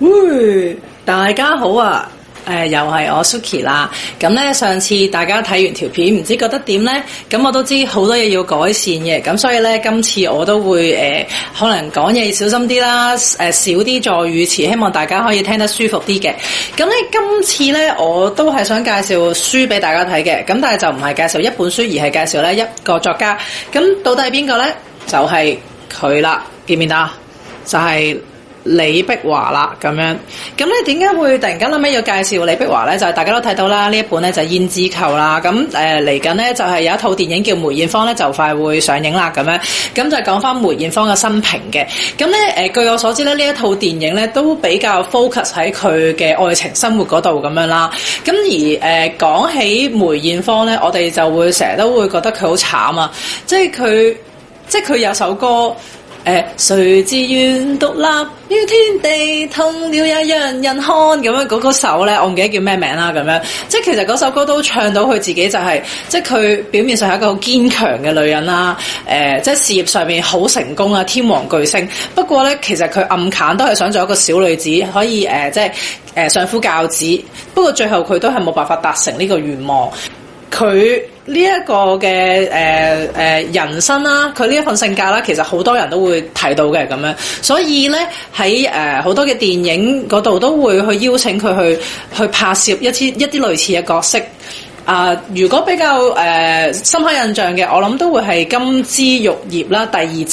喂，大家好啊！誒、呃，又係我 Suki 啦。咁、嗯、呢，上次大家睇完條片，唔知覺得點呢？咁、嗯、我都知好多嘢要改善嘅。咁、嗯、所以呢，今次我都會誒、呃，可能講嘢小心啲啦，誒、呃，少啲助語詞，希望大家可以聽得舒服啲嘅。咁、嗯、咧，今次呢，我都係想介紹書俾大家睇嘅。咁、嗯、但係就唔係介紹一本書，而係介紹呢一個作家。咁、嗯、到底係邊個呢？就係佢啦。見唔見啦？就係、是。李碧華啦，咁樣咁咧，點解會突然間諗起要介紹李碧華咧？就係、是、大家都睇到啦，呢一本咧就係、是《胭脂扣》啦。咁誒嚟緊咧就係、是、有一套電影叫梅艷芳咧，就快會上映啦。咁樣咁就講翻梅艷芳嘅生平嘅。咁咧誒，據我所知咧，呢一套電影咧都比較 focus 喺佢嘅愛情生活嗰度咁樣啦。咁而誒講、呃、起梅艷芳咧，我哋就會成日都會覺得佢好慘啊！即係佢，即係佢有首歌。誒誰自願獨立於天地，痛了也讓人看。咁樣嗰首咧，我唔記得叫咩名啦。咁樣即係其實嗰首歌都唱到佢自己就係、是，即係佢表面上係一個好堅強嘅女人啦。誒、呃，即係事業上面好成功啊，天王巨星。不過咧，其實佢暗坎都係想做一個小女子，可以誒、呃，即係誒、呃、相夫教子。不過最後佢都係冇辦法達成呢個願望。佢，呢一個嘅誒誒人生啦，佢呢一份性格啦，其實好多人都會睇到嘅咁樣，所以呢，喺誒好多嘅電影嗰度都會去邀請佢去去拍攝一啲一啲類似嘅角色。啊、呃，如果比較誒、呃、深刻印象嘅，我諗都會係《金枝玉葉》啦，第二集，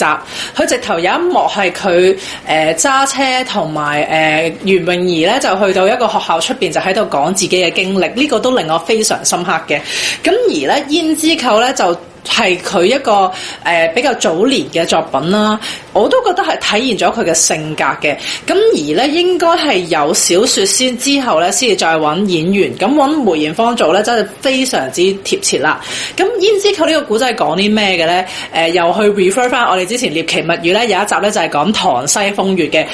佢直頭有一幕係佢誒揸車同埋誒袁詠儀咧就去到一個學校出邊就喺度講自己嘅經歷，呢、這個都令我非常深刻嘅。咁而咧，《胭脂扣》呢咧就。係佢一個誒、呃、比較早年嘅作品啦，我都覺得係體現咗佢嘅性格嘅。咁而呢，應該係有小說先之後呢，先至再揾演員。咁揾梅艷芳做呢，真係非常之貼切啦。咁，胭脂扣呢個古仔講啲咩嘅呢？誒、呃，又去 refer 翻，我哋之前《獵奇物語》呢，有一集呢就係、是、講塘西風月嘅。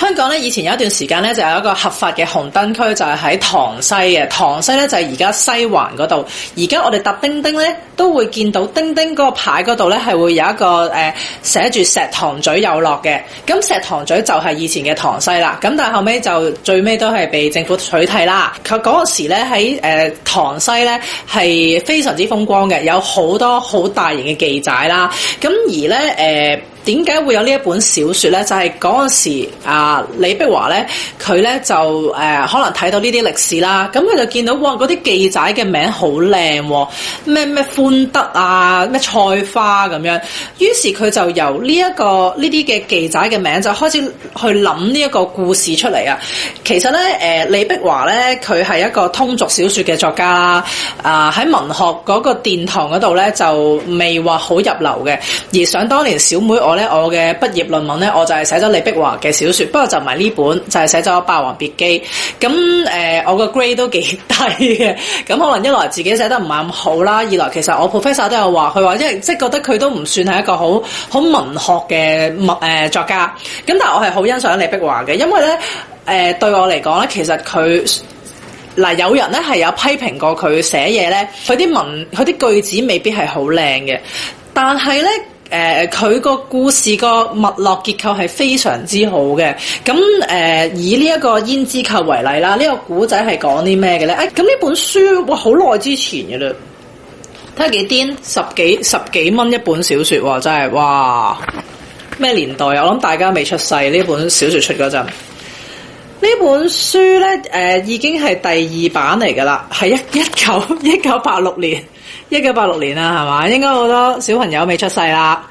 香港咧以前有一段時間咧就有一個合法嘅紅燈區，就係、是、喺塘西嘅。塘西咧就係而家西環嗰度。而家我哋搭叮叮咧都會見到叮叮嗰個牌嗰度咧係會有一個誒、呃、寫住石塘咀有落」嘅。咁石塘咀」就係以前嘅塘西啦。咁但係後尾就最尾都係被政府取締啦。佢嗰個時咧喺誒塘西咧係非常之風光嘅，有好多好大型嘅妓寨啦。咁而咧誒。呃點解會有呢一本小說咧？就係、嗰、陣時啊，李碧華咧，佢咧就誒、呃、可能睇到呢啲歷史啦，咁佢就見到哇啲記載嘅名好靚、喎，咩咩歡德啊，咩菜花咁、啊、樣，於是佢就由呢、這、一個呢啲嘅記載嘅名就開始去諗呢一個故事出嚟啊。其實咧，誒、呃、李碧華咧，佢係一個通俗小說嘅作家啦啊，喺文學嗰個殿堂嗰度咧就未話好入流嘅，而想當年小妹我咧。我嘅畢業論文咧，我就係寫咗李碧華嘅小說，不過就唔係呢本，就係寫咗《霸王別姬》嗯。咁、呃、誒，我個 grade 都幾低嘅。咁可能一來自己寫得唔係咁好啦，二來其實我 professor 都有話，佢話即係即係覺得佢都唔算係一個好好文學嘅誒、呃、作家。咁但係我係好欣賞李碧華嘅，因為咧誒、呃、對我嚟講咧，其實佢嗱、呃、有人咧係有批評過佢寫嘢咧，佢啲文佢啲句子未必係好靚嘅，但係咧。誒，佢個、呃、故事個脈絡結構係非常之好嘅。咁誒、呃，以呢、這、一個《胭脂扣》為例啦，這個、呢個古仔係講啲咩嘅咧？誒、哎，咁呢本書，哇，好耐之前嘅啦，睇下幾癲，十幾十幾蚊一本小說，真係哇！咩年代啊？我諗大家未出世呢本小說出嗰陣，呢本書咧，誒、呃，已經係第二版嚟噶啦，係一一九一九八六年。一九八六年啦，係嘛？應該好多小朋友未出世啦。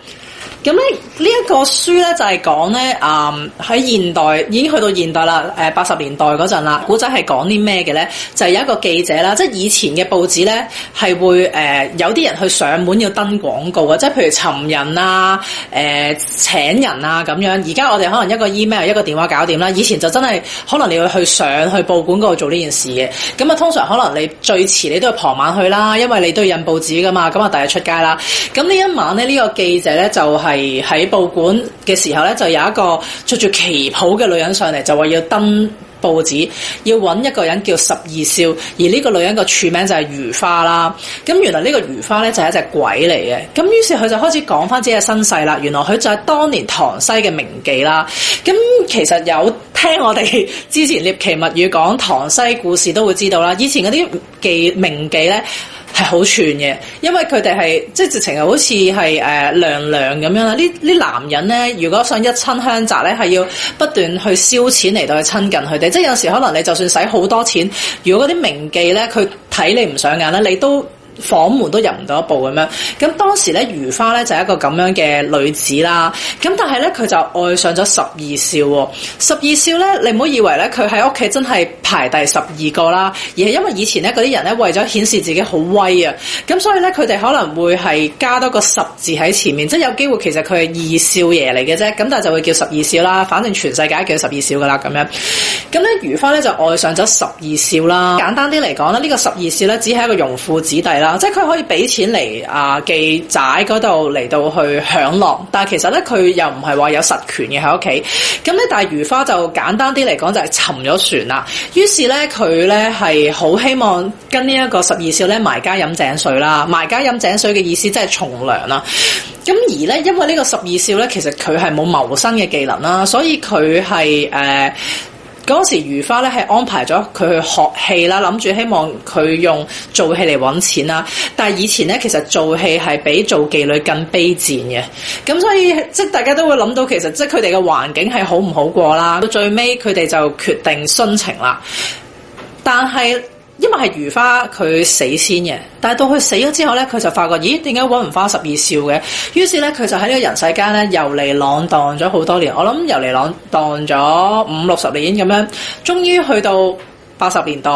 咁咧呢一個書咧就係講咧，啊、嗯，喺現代已經去到現代啦，誒八十年代陣啦，古仔係講啲咩嘅咧？就係、是、有一個記者啦，即係以前嘅報紙咧係會誒、呃、有啲人去上門要登廣告啊，即係譬如尋人啊、誒、呃、請人啊咁樣，而家我哋可能一個 email、一個電話搞掂啦。以前就真係可能你要去上去報館度做呢件事嘅。咁啊，通常可能你最遲你都係傍晚去啦，因為你都要印報紙噶嘛。咁啊，第日出街啦。咁呢一晚咧，呢、呢個記者咧就係、是就。是係喺報館嘅時候咧，就有一個着住旗袍嘅女人上嚟，就話要登報紙，要揾一個人叫十二少，而呢個女人個署名就係如花啦。咁原來呢個如花呢，就係一隻鬼嚟嘅。咁於是佢就開始講翻自己嘅身世啦。原來佢就係當年唐西嘅名妓啦。咁其實有聽我哋之前獵奇物語講唐西故事都會知道啦。以前嗰啲妓名妓呢，係好串嘅，因為佢哋係即係直情係好似係誒娘娘咁樣啦。呢啲男人咧，如果想一親香澤咧，係要不斷去燒錢嚟到去親近佢哋。即係有時可能你就算使好多錢，如果嗰啲名妓咧，佢睇你唔上眼咧，你都，房門都入唔到一步咁樣，咁當時咧，如花咧就係一個咁樣嘅女子啦。咁但係咧，佢就愛上咗十二少喎。十二少咧，你唔好以為咧佢喺屋企真係排第十二個啦，而係因為以前咧嗰啲人咧為咗顯示自己好威啊，咁所以咧佢哋可能會係加多個十字喺前面，即係有機會其實佢係二少爺嚟嘅啫。咁但係就會叫十二少啦，反正全世界叫十二少㗎喇咁樣。咁咧，如花咧就愛上咗十二少啦。簡單啲嚟講咧，呢個十二少咧只係一個容富子弟啦。啊！即係佢可以俾錢嚟啊，妓寨嗰度嚟到去享樂，但係其實咧佢又唔係話有實權嘅喺屋企，咁咧但係如花就簡單啲嚟講就係沉咗船啦。於是咧佢咧係好希望跟呢一個十二少咧埋家飲井水啦，埋家飲井水嘅意思即係從良啦。咁而咧因為呢個十二少咧其實佢係冇謀生嘅技能啦，所以佢係誒。呃嗰時如花咧係安排咗佢去學戲啦，諗住希望佢用做戲嚟揾錢啦。但係以前呢，其實做戲係比做妓女更卑賤嘅。咁所以即係大家都會諗到，其實即係佢哋嘅環境係好唔好過啦。到最尾佢哋就決定殉情啦。但係，因為係如花佢死先嘅，但係到佢死咗之後呢，佢就發覺，咦？點解揾唔翻十二少嘅？於是呢，佢就喺呢個人世間呢，遊嚟浪蕩咗好多年。我諗遊嚟浪蕩咗五六十年咁樣，終於去到八十年代。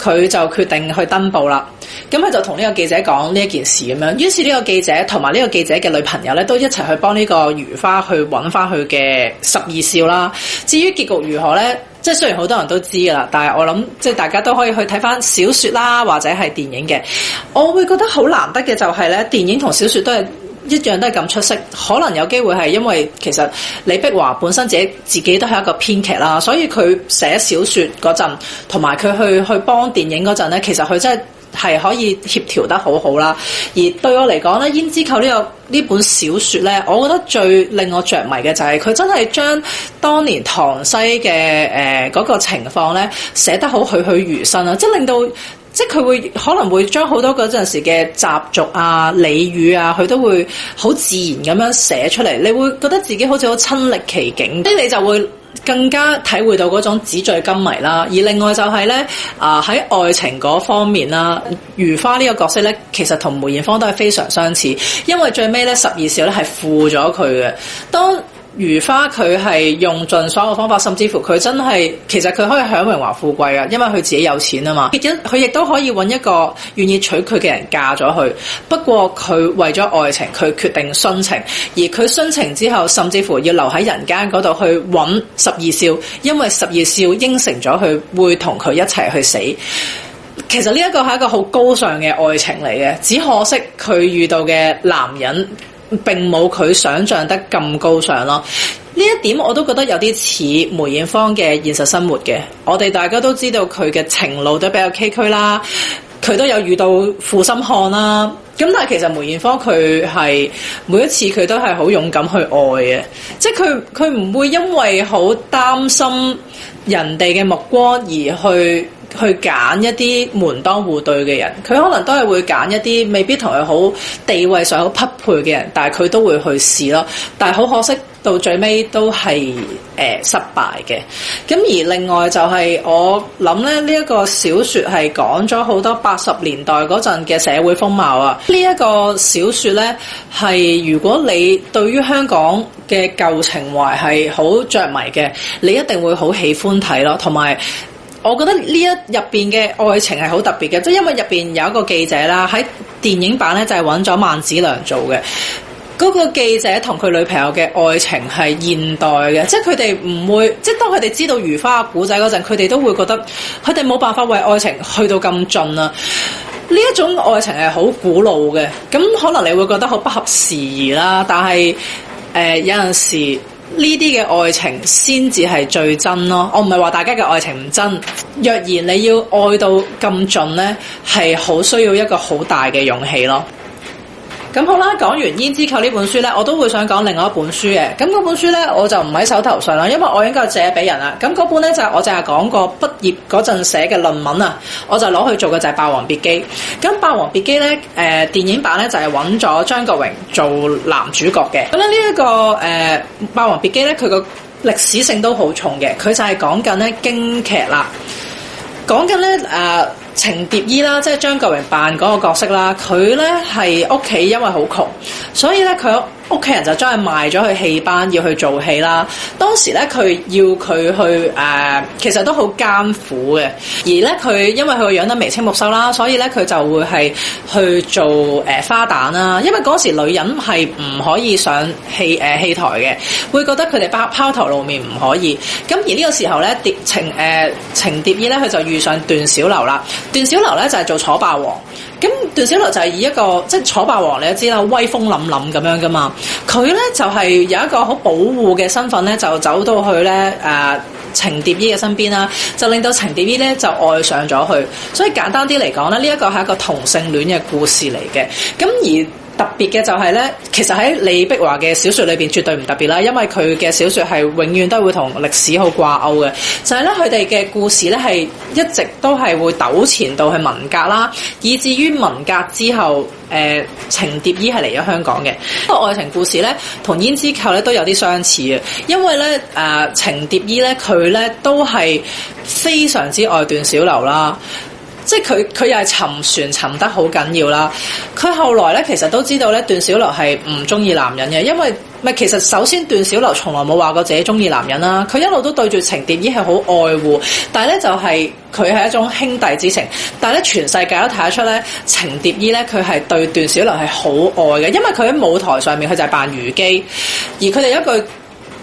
佢就決定去登報啦，咁佢就同呢個記者講呢一件事咁樣，於是呢個記者同埋呢個記者嘅女朋友呢，都一齊去幫呢個如花去揾翻佢嘅十二少啦。至於結局如何呢？即係雖然好多人都知噶啦，但係我諗即係大家都可以去睇翻小説啦，或者係電影嘅。我會覺得好難得嘅就係呢，電影同小説都係。一樣都係咁出色，可能有機會係因為其實李碧華本身自己自己都係一個編劇啦，所以佢寫小説嗰陣，同埋佢去去幫電影嗰陣咧，其實佢真係係可以協調得好好啦。而對我嚟講咧，《胭脂扣》呢個呢本小説呢，我覺得最令我着迷嘅就係佢真係將當年塘西嘅誒嗰個情況呢寫得好栩栩如生啊！即係令到。即係佢會可能會將好多嗰陣時嘅習俗啊、俚語啊，佢都會好自然咁樣寫出嚟，你會覺得自己好似好親歷其境，所以你就會更加體會到嗰種紙醉金迷啦。而另外就係呢，啊、呃、喺愛情嗰方面啦，如花呢個角色呢，其實同梅艷芳都係非常相似，因為最尾呢，十二少呢係負咗佢嘅。當如花佢係用盡所有方法，甚至乎佢真係，其實佢可以享榮華富貴啊，因為佢自己有錢啊嘛。佢亦都可以揾一個願意娶佢嘅人嫁咗佢。不過佢為咗愛情，佢決定殉情，而佢殉情之後，甚至乎要留喺人間嗰度去揾十二少，因為十二少應承咗佢會同佢一齊去死。其實呢一個係一個好高尚嘅愛情嚟嘅，只可惜佢遇到嘅男人。並冇佢想像得咁高尚囉，呢一點我都覺得有啲似梅艷芳嘅現實生活嘅。我哋大家都知道佢嘅情路都比較崎嶇啦，佢都有遇到負心漢啦。咁但係其實梅艷芳佢係每一次佢都係好勇敢去愛嘅，即係佢佢唔會因為好擔心人哋嘅目光而去。去揀一啲門當戶對嘅人，佢可能都係會揀一啲未必同佢好地位上好匹配嘅人，但係佢都會去試咯。但係好可惜，到最尾都係誒、呃、失敗嘅。咁而另外就係、是、我諗咧，呢、這、一個小説係講咗好多八十年代嗰陣嘅社會風貌啊。呢、這、一個小説呢，係如果你對於香港嘅舊情懷係好着迷嘅，你一定會好喜歡睇咯，同埋。我覺得呢一入邊嘅愛情係好特別嘅，即係因為入邊有一個記者啦，喺電影版咧就係揾咗萬梓良做嘅。嗰、那個記者同佢女朋友嘅愛情係現代嘅，即係佢哋唔會，即係當佢哋知道如花古仔嗰陣，佢哋都會覺得佢哋冇辦法為愛情去到咁盡啊。呢一種愛情係好古老嘅，咁可能你會覺得好不合時宜啦。但係誒、呃、有陣時。呢啲嘅愛情先至係最真咯，我唔係話大家嘅愛情唔真，若然你要愛到咁盡呢，係好需要一個好大嘅勇氣咯。咁好啦，講完《胭脂扣》呢本書呢，我都會想講另外一本書嘅。咁嗰本書呢，我就唔喺手頭上啦，因為我應該借俾人啦。咁嗰本呢，就係、是、我淨係講過畢業嗰陣寫嘅論文啊，我就攞去做嘅就係《霸王別姬》。咁《霸王別姬》呢，誒、呃，電影版呢，就係揾咗張國榮做男主角嘅。咁呢一個誒，呃《霸王別姬》呢，佢個歷史性都好重嘅，佢就係講緊呢京劇啦，講緊呢。誒。程蝶衣啦，即係張國榮扮嗰個角色啦。佢咧係屋企因為好窮，所以咧佢屋企人就將佢賣咗去戲班要去做戲啦。當時咧佢要佢去誒、呃，其實都好艱苦嘅。而咧佢因為佢個樣得眉清目秀啦，所以咧佢就會係去做誒、呃、花旦啦。因為嗰時女人係唔可以上戲誒戲台嘅，會覺得佢哋拋拋頭露面唔可以。咁而呢個時候咧，蝶程誒程蝶衣咧，佢就遇上段小樓啦。段小樓咧就係做楚霸王，咁段小樓就係以一個即係楚霸王，你都知啦，威風凜凜咁樣噶嘛，佢咧就係有一個好保護嘅身份咧，就走到去咧誒程蝶衣嘅身邊啦，就令到程蝶衣咧就愛上咗佢，所以簡單啲嚟講咧，呢一個係一個同性戀嘅故事嚟嘅，咁而。特別嘅就係呢，其實喺李碧華嘅小説裏邊絕對唔特別啦，因為佢嘅小説係永遠都會同歷史好掛鈎嘅，就係呢，佢哋嘅故事呢，係一直都係會糾纏到去文革啦，以至於文革之後，誒、呃、程蝶衣係嚟咗香港嘅，不過愛情故事呢，同胭脂扣呢都有啲相似嘅，因為呢，誒、呃、程蝶衣呢，佢呢都係非常之愛段小樓啦。即係佢佢又係沉船沉得好緊要啦。佢後來咧其實都知道咧，段小樓係唔中意男人嘅，因為係其實首先段小樓從來冇話過自己中意男人啦。佢一路都對住程蝶衣係好愛護，但係咧就係佢係一種兄弟之情。但係咧全世界都睇得出咧，程蝶衣咧佢係對段小樓係好愛嘅，因為佢喺舞台上面佢就係扮虞姬，而佢哋一句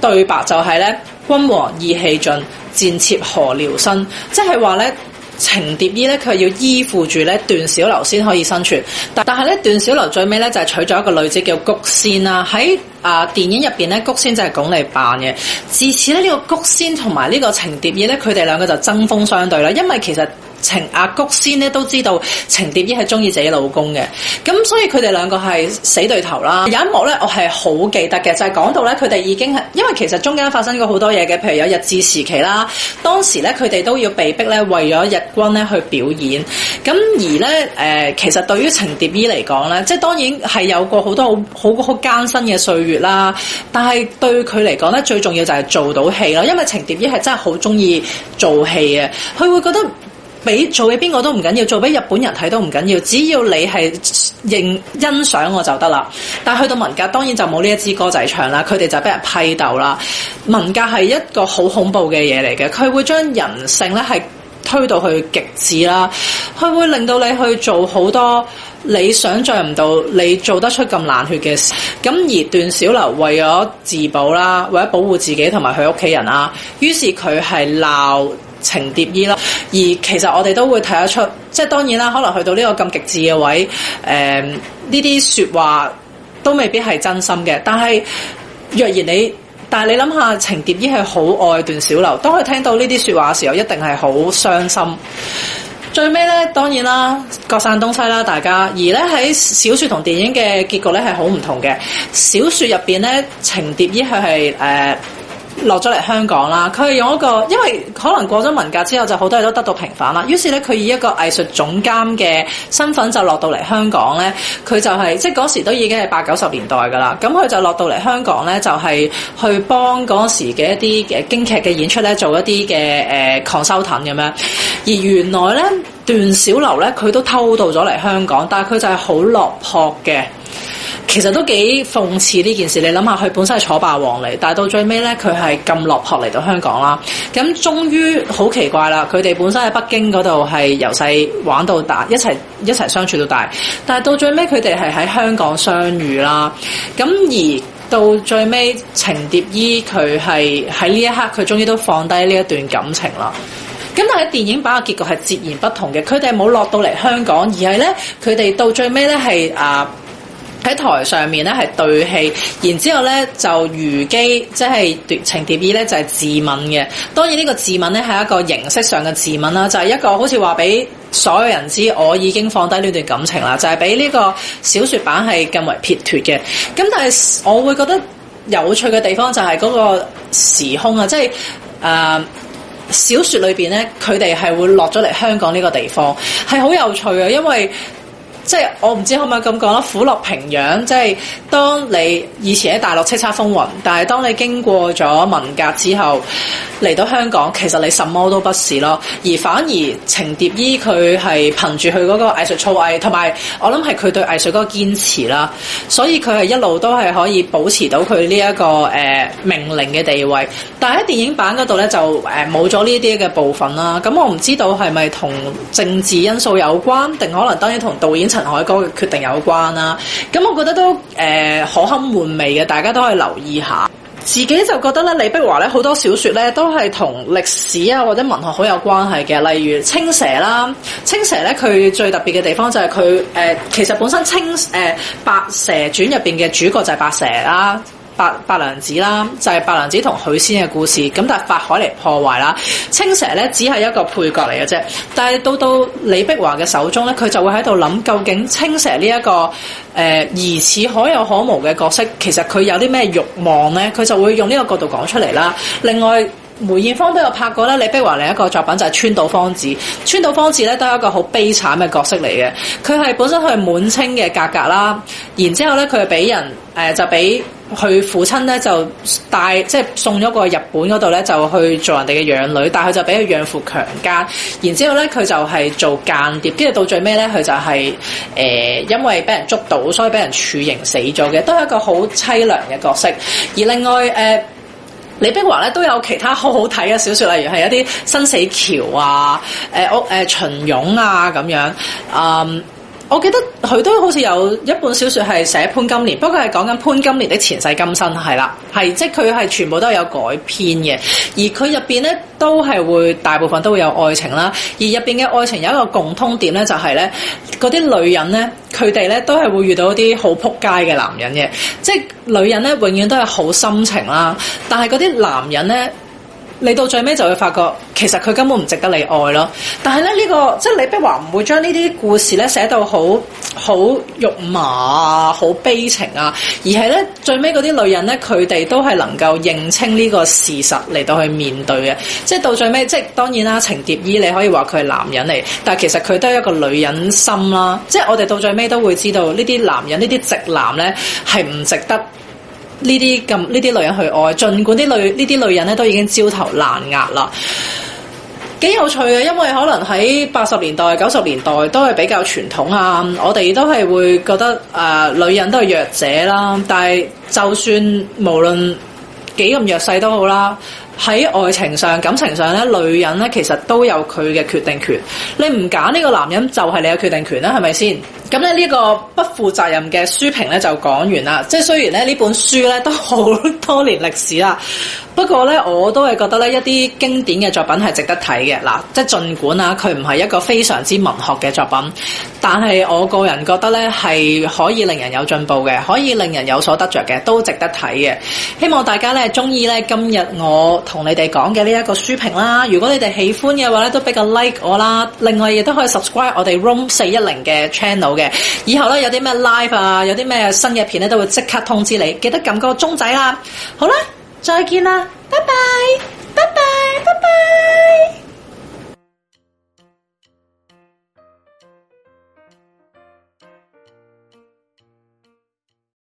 對白就係咧：君王意氣盡，賤妾何聊生，即係話咧。程蝶衣咧，佢係要依附住咧段小樓先可以生存，但但係咧段小樓最尾咧就係娶咗一個女子叫菊仙啦，喺啊、呃、電影入邊咧菊仙就係鞏俐扮嘅，自此咧呢、這個菊仙同埋呢個程蝶衣咧，佢哋兩個就爭鋒相對啦，因為其實。程阿菊仙咧都知道程蝶衣係中意自己老公嘅，咁所以佢哋兩個係死對頭啦。有一幕咧，我係好記得嘅，就係、是、講到咧，佢哋已經係，因為其實中間發生過好多嘢嘅，譬如有日治時期啦。當時咧，佢哋都要被逼咧為咗日軍咧去表演。咁而咧，誒、呃，其實對於程蝶衣嚟講咧，即係當然係有過好多好好好艱辛嘅歲月啦。但係對佢嚟講咧，最重要就係做到戲咯，因為程蝶衣係真係好中意做戲嘅，佢會覺得。俾做俾邊個都唔緊要，做俾日本人睇都唔緊要，只要你係認欣賞我就得啦。但係去到文革，當然就冇呢一支歌仔唱啦，佢哋就俾人批鬥啦。文革係一個好恐怖嘅嘢嚟嘅，佢會將人性咧係推到去極致啦，佢會令到你去做好多你想像唔到、你做得出咁冷血嘅事。咁而段小樓為咗自保啦，為咗保護自己同埋佢屋企人啦，於是佢係鬧。程蝶衣啦，而其實我哋都會睇得出，即係當然啦，可能去到呢個咁極致嘅位，誒呢啲説話都未必係真心嘅。但係若然你，但係你諗下，程蝶衣係好愛段小樓，當佢聽到呢啲説話嘅時候，一定係好傷心。最尾呢，當然啦，各散東西啦，大家。而呢，喺小説同電影嘅結局呢，係好唔同嘅。小説入邊呢，程蝶衣佢係誒。呃落咗嚟香港啦，佢係用一個，因為可能過咗文革之後，就好多嘢都得到平反啦。於是咧，佢以一個藝術總監嘅身份就落到嚟香港咧，佢就係、是、即嗰時都已經係八九十年代噶啦。咁佢就落到嚟香港咧，就係去幫嗰時嘅一啲嘅京劇嘅演出咧，做一啲嘅誒 consultancy 咁樣。而原來咧，段小樓咧，佢都偷渡咗嚟香港，但係佢就係好落魄嘅。其實都幾諷刺呢件事，你諗下，佢本身係楚霸王嚟，但係到最尾呢，佢係咁落魄嚟到香港啦。咁終於好奇怪啦，佢哋本身喺北京嗰度係由細玩到大，一齊一齊相處到大，但係到最尾佢哋係喺香港相遇啦。咁而到最尾，程蝶衣佢係喺呢一刻，佢終於都放低呢一段感情啦。咁但係喺電影版嘅結局係截然不同嘅，佢哋冇落到嚟香港，而係呢，佢哋到最尾呢係啊。喺台上面咧係對戲，然之後咧就虞姬即係程蝶衣咧就係、是、自刎嘅。當然呢個自刎咧係一個形式上嘅自刎啦，就係、是、一個好似話俾所有人知我已經放低呢段感情啦。就係、是、比呢個小說版係更為撇脫嘅。咁但係我會覺得有趣嘅地方就係嗰個時空啊，即係誒小說裏邊咧佢哋係會落咗嚟香港呢個地方，係好有趣啊，因為。即係我唔知可唔可以咁講啦，虎落平陽。即係當你以前喺大陸叱咤風雲，但係當你經過咗文革之後嚟到香港，其實你什麼都不是咯。而反而程蝶衣佢係憑住佢嗰個藝術造詣，同埋我諗係佢對藝術嗰個堅持啦。所以佢係一路都係可以保持到佢呢一個誒、呃、名伶嘅地位。但喺電影版嗰度咧就誒冇咗呢啲嘅部分啦。咁我唔知道係咪同政治因素有關，定可能當然同導演。陳凱歌嘅決定有關啦，咁我覺得都誒、呃、可堪回味嘅，大家都可以留意下。自己就覺得咧，李碧華咧好多小說咧都係同歷史啊或者文學好有關係嘅，例如青《青蛇》啦，《青蛇》咧佢最特別嘅地方就係佢誒，其實本身青《青、呃、誒白蛇傳》入邊嘅主角就係白蛇啦。白白娘子啦，就係、是、白娘子同許仙嘅故事，咁但係法海嚟破壞啦。青蛇呢只係一個配角嚟嘅啫，但係到到李碧華嘅手中呢，佢就會喺度諗究竟青蛇呢、這、一個、呃、疑似可有可無嘅角色，其實佢有啲咩慾望呢？佢就會用呢個角度講出嚟啦。另外，梅艷芳都有拍過咧，李碧華另一個作品就係、是、川島芳子。川島芳子咧都係一個好悲慘嘅角色嚟嘅，佢係本身佢係滿清嘅格格啦，然之後咧佢係俾人誒、呃、就俾佢父親咧就帶即係、就是、送咗個日本嗰度咧就去做人哋嘅養女，但係佢就俾佢養父強姦，然之後咧佢就係做間諜，跟住到最尾咧佢就係、是、誒、呃、因為俾人捉到，所以俾人處刑死咗嘅，都係一個好淒涼嘅角色。而另外誒。呃李碧華都有其他好好睇嘅小説，例如係一啲《生死橋》啊、誒、呃、屋、誒、呃《秦俑、啊》啊咁樣，嗯。我記得佢都好似有一本小說係寫潘金蓮，不過係講緊潘金蓮的前世今生係啦，係即係佢係全部都有改編嘅，而佢入邊呢都係會大部分都會有愛情啦，而入邊嘅愛情有一個共通點呢、就是，就係呢嗰啲女人呢，佢哋呢都係會遇到啲好撲街嘅男人嘅，即係女人呢永遠都係好深情啦，但係嗰啲男人呢。你到最尾就會發覺，其實佢根本唔值得你愛咯。但係咧，呢、呢個即係李碧華唔會將呢啲故事咧寫到好好肉麻、啊，好悲情啊，而係咧最尾嗰啲女人咧，佢哋都係能夠認清呢個事實嚟到去面對嘅。即係到最尾，即係當然啦，程蝶衣你可以話佢係男人嚟，但係其實佢都係一個女人心啦。即係我哋到最尾都會知道，呢啲男人，呢啲直男咧係唔值得。呢啲咁呢啲女人去愛，儘管啲女呢啲女人咧都已經焦頭爛額啦，幾有趣嘅，因為可能喺八十年代、九十年代都係比較傳統啊，我哋都係會覺得啊、呃，女人都係弱者啦，但係就算無論幾咁弱勢都好啦。喺愛情上、感情上咧，女人咧其實都有佢嘅決定權。你唔揀呢個男人，就係你嘅決定權啦，係咪先？咁咧呢個不負責任嘅書評咧就講完啦。即係雖然咧呢本書咧都好多年歷史啦。不過咧，我都係覺得咧，一啲經典嘅作品係值得睇嘅。嗱，即係儘管啊，佢唔係一個非常之文學嘅作品，但係我個人覺得咧，係可以令人有進步嘅，可以令人有所得着嘅，都值得睇嘅。希望大家咧鍾意咧今日我同你哋講嘅呢一個書評啦。如果你哋喜歡嘅話咧，都畀個 like 我啦。另外亦都可以 subscribe 我哋 room 四一零嘅 channel 嘅。以後咧有啲咩 live 啊，有啲咩新嘅片咧，都會即刻通知你。記得撳個鐘仔啦。好啦。再見啦，拜拜，拜拜，拜拜。